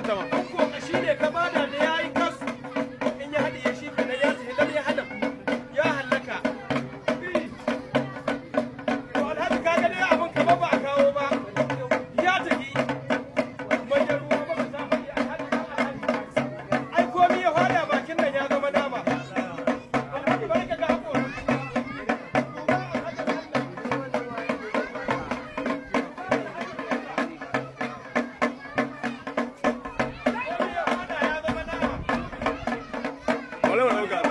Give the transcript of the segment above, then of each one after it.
跟着。problema não, cara.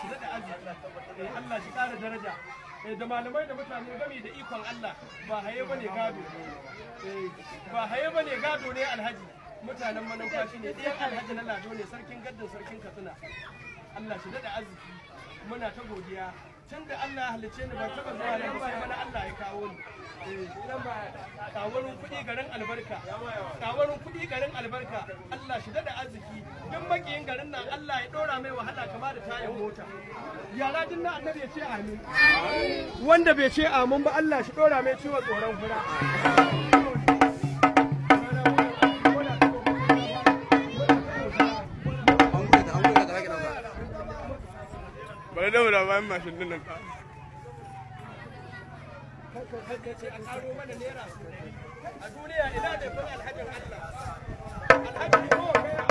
shi daɗa arziki Allah shi ƙara daraja eh, da malamai da mutane gami da ikon Allah ba haye ba ne gado eh, ba haye ba ne gado ne alhaji mutanen manumfashi ne ɗayan alhaji na lado ne sarkin gaddin sarkin katsina Allah shi daɗa arziki muna ta godiya tun da Allah ya halicce ni ban taɓa zuwa nan ba mana Allah ya kawo ni tawarin kuɗi garin albarka tawarin kuɗi garin albarka Allah shi da arziki duk makiyin garin nan Allah ya ɗora mai wahala kama da tayin mota yara din nan annabi ya ce amin wanda bai ce amin ba Allah shi ɗora mai ciwon tsoron fura bari da wura bayan mashin dinnan ya ce a karo mana naira a duniya ina da kun alhajin Allah alhaji kowa kai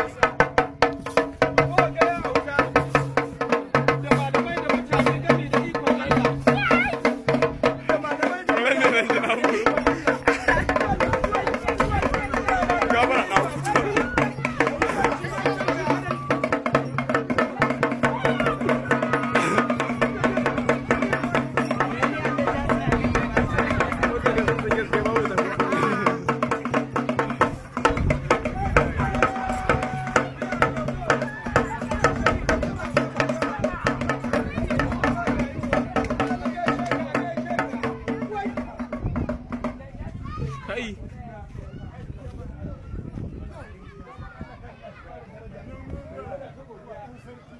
kai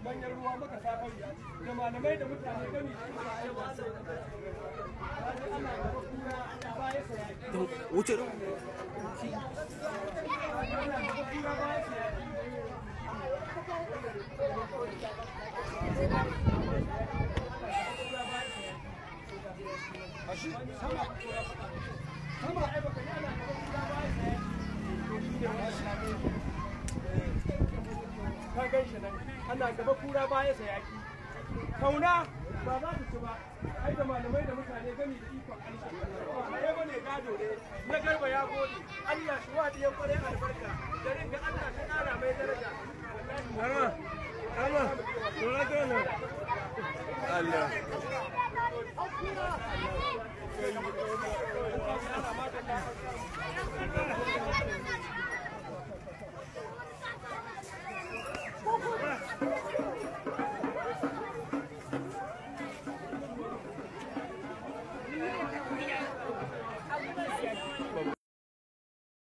manyan ruwa maka safari da malamai da mutane gami wuce Thank you. gaba kura baya sayaki kauna ba za ta ci ba ai da malamai da mutane gami da ikon Allah ba ne gado ne na garba ya gode Allah shi wa diyan kwarai albarka